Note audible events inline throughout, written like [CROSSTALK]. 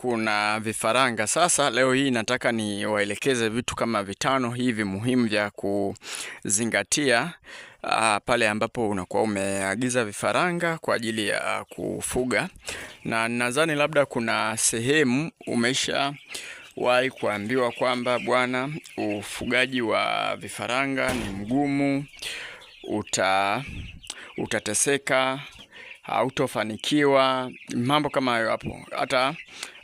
kuna vifaranga. Sasa leo hii nataka niwaelekeze vitu kama vitano hivi muhimu vya kuzingatia a, ah, pale ambapo unakuwa umeagiza vifaranga kwa ajili ya kufuga, na nadhani labda kuna sehemu umesha wahi kuambiwa kwamba bwana, ufugaji wa vifaranga ni mgumu, uta utateseka hautofanikiwa, mambo kama hayo hapo. Hata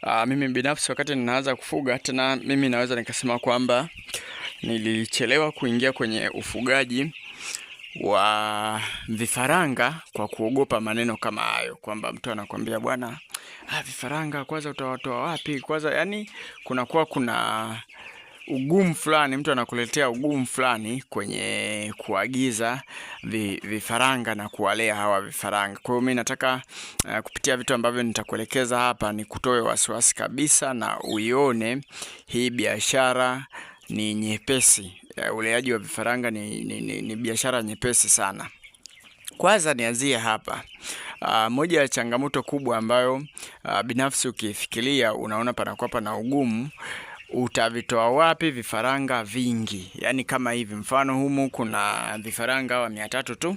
ah, mimi binafsi wakati ninaanza kufuga tena, mimi naweza nikasema kwamba nilichelewa kuingia kwenye ufugaji wa vifaranga kwa kuogopa maneno kama hayo, kwamba mtu anakwambia bwana, ah, vifaranga kwanza utawatoa wapi? Kwanza yani kunakuwa kuna ugumu fulani, mtu anakuletea ugumu fulani kwenye kuagiza vifaranga na kuwalea hawa vifaranga. Kwa hiyo mimi nataka uh, kupitia vitu ambavyo nitakuelekeza hapa ni kutoe wasiwasi kabisa, na uione hii biashara ni nyepesi. Uh, uleaji wa vifaranga ni, ni, ni, ni biashara nyepesi sana. Kwanza nianzie hapa. Uh, moja ya changamoto kubwa ambayo uh, binafsi ukifikiria unaona panakuwa pana ugumu utavitoa wapi vifaranga vingi? Yaani kama hivi, mfano humu kuna vifaranga hawa mia tatu tu.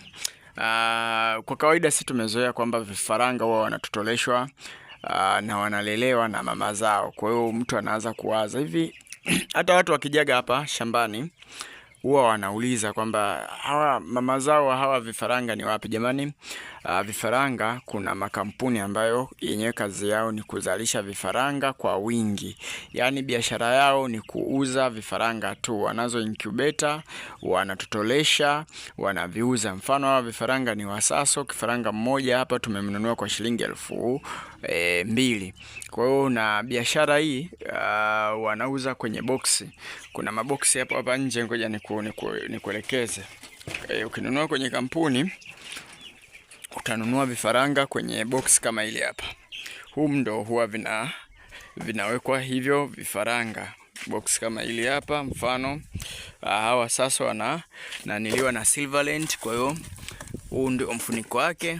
Uh, kwa kawaida si tumezoea kwamba vifaranga huwa wanatotoleshwa uh, ah, na wanalelewa na mama zao. Kwa hiyo mtu anaanza kuwaza hivi [CLEARS THROAT] hata watu wakijaga hapa shambani huwa wanauliza kwamba hawa mama zao hawa vifaranga ni wapi jamani? Uh, vifaranga kuna makampuni ambayo yenyewe kazi yao ni kuzalisha vifaranga kwa wingi, yaani biashara yao ni kuuza vifaranga tu. Wanazo incubator, wanatotolesha, wanaviuza. Mfano hawa vifaranga ni Wasaso. Kifaranga mmoja hapa tumemnunua kwa shilingi elfu e, mbili. Kwa hiyo na biashara hii uh, wanauza kwenye boksi. Kuna maboksi hapo hapa nje, ngoja nikuelekeze. E, ukinunua kwenye kampuni utanunua vifaranga kwenye boksi kama ili hapa. Hum ndo huwa vina vinawekwa hivyo vifaranga box kama ili hapa mfano. Hawa sasa wana naniliwa na Silverland, kwa hiyo huu ndio mfuniko wake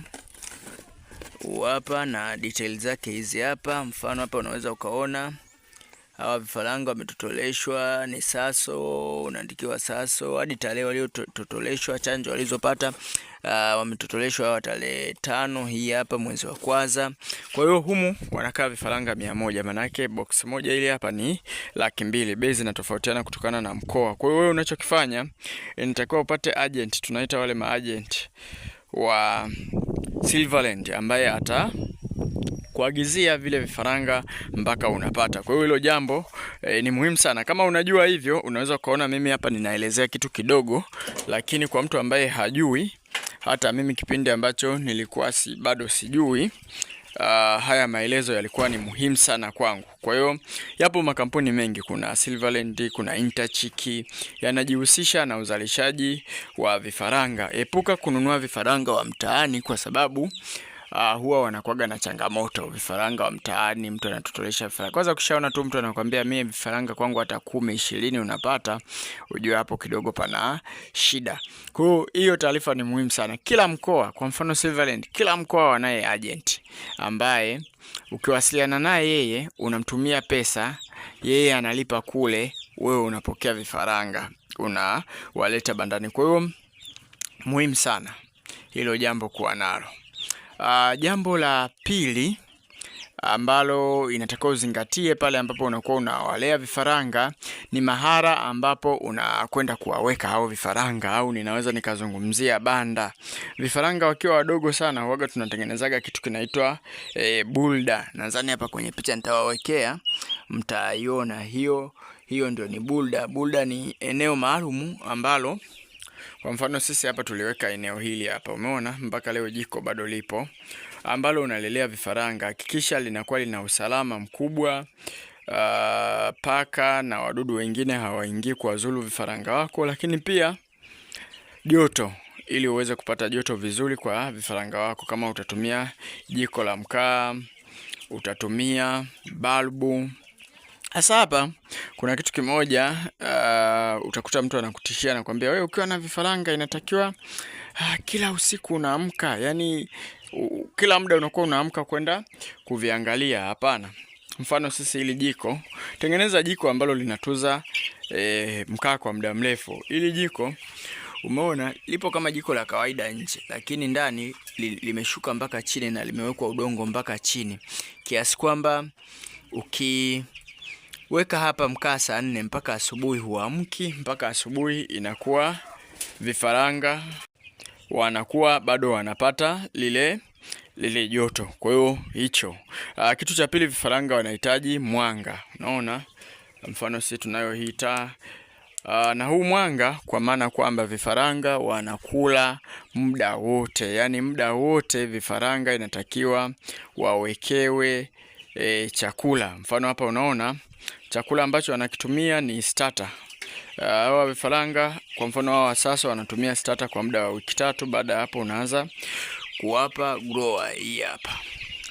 hapa na details zake hizi hapa. Mfano hapa unaweza ukaona hawa vifaranga wametotoleshwa, ni Saso, unaandikiwa Saso hadi tarehe waliototoleshwa, chanjo walizopata. Uh, wametotoleshwa hawa tarehe tano hii hapa mwezi wa kwanza. Kwa hiyo humu wanakaa vifaranga mia moja manake box moja ile hapa ni laki mbili. Bei zinatofautiana kutokana na mkoa. Kwa hiyo wewe unachokifanya inatakiwa upate agent, tunaita wale maagent wa Silverland ambaye ata kuagizia vile vifaranga mpaka unapata. Kwa hiyo hilo jambo e, ni muhimu sana. Kama unajua hivyo, unaweza ukaona mimi hapa ninaelezea kitu kidogo, lakini kwa mtu ambaye hajui, hata mimi kipindi ambacho nilikuwa si bado sijui uh, haya maelezo yalikuwa ni muhimu sana kwangu. Kwa hiyo yapo makampuni mengi, kuna Silverland, kuna Interchiki yanajihusisha na uzalishaji wa vifaranga. Epuka kununua vifaranga wa mtaani kwa sababu uh, huwa wanakuaga na changamoto vifaranga wa mtaani, mtu anatotolesha vifaranga. Kwanza ukishaona tu mtu anakwambia mimi vifaranga kwangu hata kumi ishirini unapata, ujue hapo kidogo pana shida. Kwa hiyo hiyo taarifa ni muhimu sana. Kila mkoa, kwa mfano Silverland, kila mkoa wanaye agent ambaye ukiwasiliana naye yeye unamtumia pesa, yeye analipa kule, wewe unapokea vifaranga unawaleta bandani. Kwa hiyo muhimu sana hilo jambo kuwa nalo. Uh, jambo la pili ambalo inatakiwa uzingatie pale ambapo unakuwa unawalea vifaranga ni mahara ambapo unakwenda kuwaweka hao vifaranga, au ninaweza nikazungumzia banda. Vifaranga wakiwa wadogo sana, huaga tunatengenezaga kitu kinaitwa e, bulda. Nadhani hapa kwenye picha nitawawekea, mtaiona hiyo. Hiyo ndio ni bulda. Bulda ni eneo maalumu ambalo kwa mfano sisi hapa tuliweka eneo hili hapa, umeona mpaka leo jiko bado lipo, ambalo unalelea vifaranga. Hakikisha linakuwa lina usalama mkubwa. Uh, paka na wadudu wengine hawaingii kuwazulu vifaranga wako, lakini pia joto, ili uweze kupata joto vizuri kwa vifaranga wako. Kama utatumia jiko la mkaa, utatumia balbu Hasa hapa kuna kitu kimoja uh, utakuta mtu anakutishia na kwambia wewe ukiwa na vifaranga inatakiwa uh, kila usiku unaamka, yani uh, kila muda unakuwa unaamka kwenda kuviangalia. Hapana. Mfano sisi hili jiko, tengeneza jiko ambalo linatuza eh, mkaa kwa muda mrefu. Hili jiko umeona lipo kama jiko la kawaida nje, lakini ndani li, limeshuka mpaka chini na limewekwa udongo mpaka chini kiasi kwamba uki okay weka hapa mkaa saa nne mpaka asubuhi, huamki mpaka asubuhi, inakuwa vifaranga wanakuwa bado wanapata lile lile joto. Kwa hiyo hicho ah, kitu cha pili, vifaranga wanahitaji mwanga. Unaona, mfano sisi tunayo hii taa Uh, na huu mwanga kwa maana kwamba vifaranga wanakula muda wote, yaani muda wote vifaranga inatakiwa wawekewe e, chakula. Mfano hapa unaona chakula ambacho anakitumia ni starter. E, hawa uh, vifaranga kwa mfano hawa sasa wanatumia starter kwa muda wa wiki tatu. Baada ya hapo unaanza kuwapa grower. Hii hapa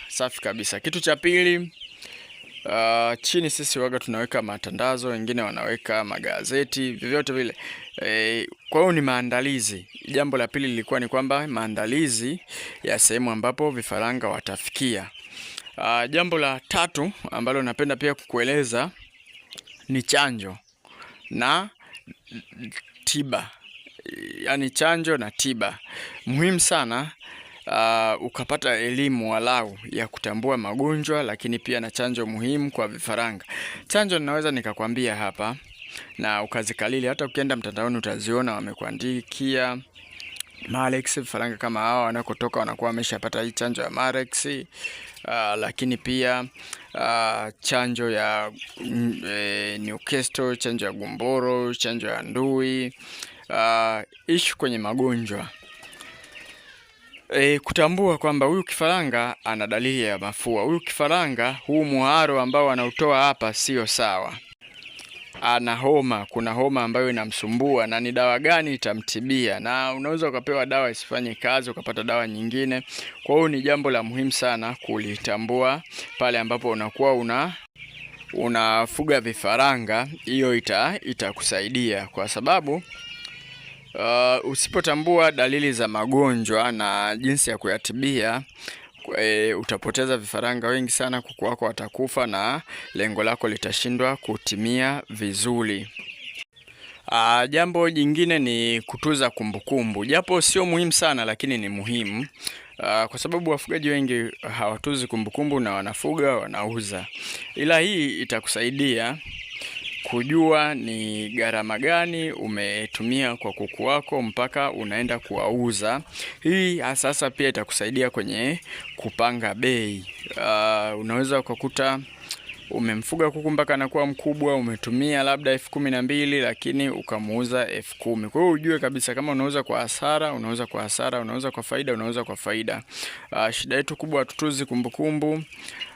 safi kabisa. Kitu cha pili Uh, chini sisi waga tunaweka matandazo, wengine wanaweka magazeti, vyovyote vile e, kwa hiyo ni maandalizi. Jambo la pili lilikuwa ni kwamba maandalizi ya sehemu ambapo vifaranga watafikia. Uh, jambo la tatu ambalo napenda pia kukueleza ni chanjo na tiba, yaani chanjo na tiba. Muhimu sana uh, ukapata elimu walau ya kutambua magonjwa, lakini pia na chanjo muhimu kwa vifaranga. Chanjo ninaweza nikakwambia hapa na ukazikalili, hata ukienda mtandaoni utaziona wamekuandikia Marex, vifaranga kama hawa wanakotoka wanakuwa wameshapata hii chanjo ya Marex. Uh, lakini pia uh, chanjo ya e, Newcastle, chanjo ya gumboro, chanjo ya ndui. Uh, ishu kwenye magonjwa E, kutambua kwamba huyu kifaranga ana dalili ya mafua, huyu kifaranga, huu muharo ambao anautoa hapa sio sawa ana ah, homa, kuna homa ambayo inamsumbua na ni dawa gani itamtibia, na unaweza ukapewa dawa isifanye kazi ukapata dawa nyingine. Kwa hiyo ni jambo la muhimu sana kulitambua pale ambapo unakuwa una unafuga vifaranga, hiyo ita itakusaidia kwa sababu uh, usipotambua dalili za magonjwa na jinsi ya kuyatibia e, utapoteza vifaranga wengi sana, kuku wako watakufa na lengo lako litashindwa kutimia vizuri. Aa, ah, jambo jingine ni kutuza kumbukumbu, japo sio muhimu sana, lakini ni muhimu aa, ah, kwa sababu wafugaji wengi hawatuzi kumbukumbu na wanafuga wanauza, ila hii itakusaidia kujua ni gharama gani umetumia kwa kuku wako mpaka unaenda kuwauza. Hii sasa pia itakusaidia kwenye kupanga bei. Uh, unaweza ukakuta umemfuga kuku mpaka anakuwa mkubwa, umetumia labda elfu kumi na mbili lakini ukamuuza elfu kumi. Kwa hiyo ujue kabisa kama unauza kwa hasara, unauza kwa hasara, unauza kwa faida, unauza kwa faida. Uh, shida yetu kubwa tutuzi kumbukumbu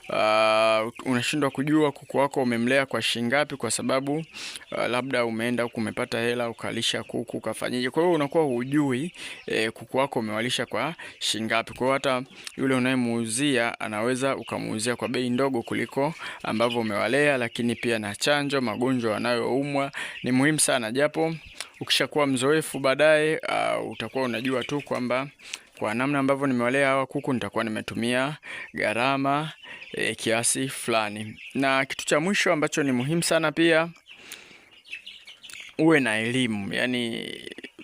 uh, unashindwa kujua kuku wako umemlea kwa shingapi, kwa sababu uh, labda umeenda huku umepata hela ukalisha kuku ukafanyaje. Kwa hiyo unakuwa hujui eh, kuku wako umewalisha kwa shingapi. Kwa hiyo hata yule unayemuuzia anaweza ukamuuzia kwa bei ndogo kuliko ambavyo umewalea, lakini pia na chanjo, magonjwa wanayoumwa ni muhimu sana, japo ukishakuwa mzoefu baadaye uh, utakuwa unajua tu kwamba kwa namna ambavyo nimewalea hawa kuku, nitakuwa nimetumia gharama e, kiasi fulani. Na kitu cha mwisho ambacho ni muhimu sana pia uwe na elimu, yaani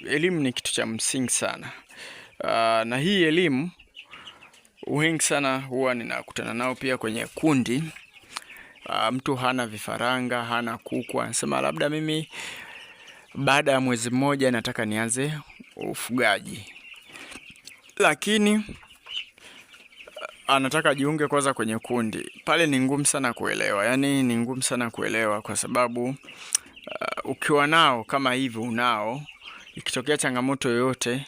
elimu ni kitu cha msingi sana. Aa, ah, na hii elimu wengi sana huwa ninakutana nao pia kwenye kundi. Aa, ah, mtu hana vifaranga, hana kuku, anasema labda mimi baada ya mwezi mmoja nataka nianze ufugaji lakini anataka jiunge kwanza kwenye kundi pale. Ni ngumu sana kuelewa, yaani ni ngumu sana kuelewa kwa sababu uh, ukiwa nao kama hivi unao, ikitokea changamoto yoyote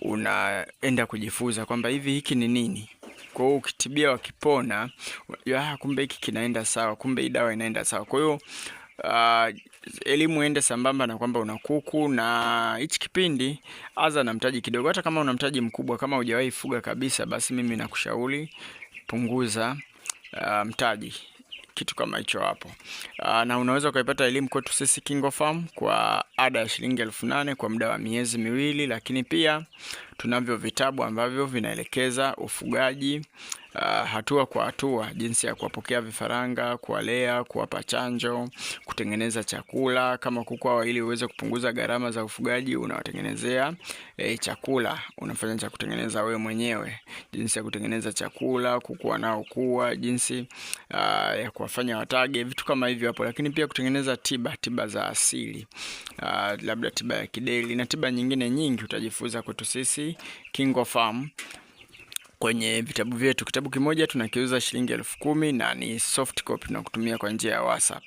unaenda kujifunza kwamba hivi hiki ni nini. Kwa hiyo ukitibia wakipona, ah, kumbe hiki kinaenda sawa, kumbe hii dawa inaenda sawa. Kwa hiyo uh, elimu ende sambamba na kwamba una kuku, na hichi kipindi aza na mtaji kidogo. Hata kama una mtaji mkubwa, kama hujawahi fuga kabisa, basi mimi nakushauri punguza uh, mtaji kitu kama hicho hapo. Uh, na unaweza ukaipata elimu kwetu sisi KingoFarm kwa ada ya shilingi elfu nane kwa muda wa miezi miwili, lakini pia tunavyo vitabu ambavyo vinaelekeza ufugaji uh, hatua kwa hatua, jinsi ya kuwapokea vifaranga, kuwalea, kuwapa chanjo, kutengeneza chakula. Kama kuku hawa, ili uweze kupunguza gharama za ufugaji, unawatengenezea eh, chakula, unafanya cha kutengeneza wewe mwenyewe, jinsi ya kutengeneza chakula, kuku wanaokuwa, jinsi uh, ya kuwafanya watage, vitu kama hivyo hapo. Lakini pia kutengeneza tiba, tiba za asili, uh, labda tiba ya kideli na tiba nyingine nyingi, utajifunza kwetu sisi hii Kingo Farm kwenye vitabu vyetu. Kitabu kimoja tunakiuza shilingi elfu kumi na ni soft copy na kutumia kwa njia ya WhatsApp.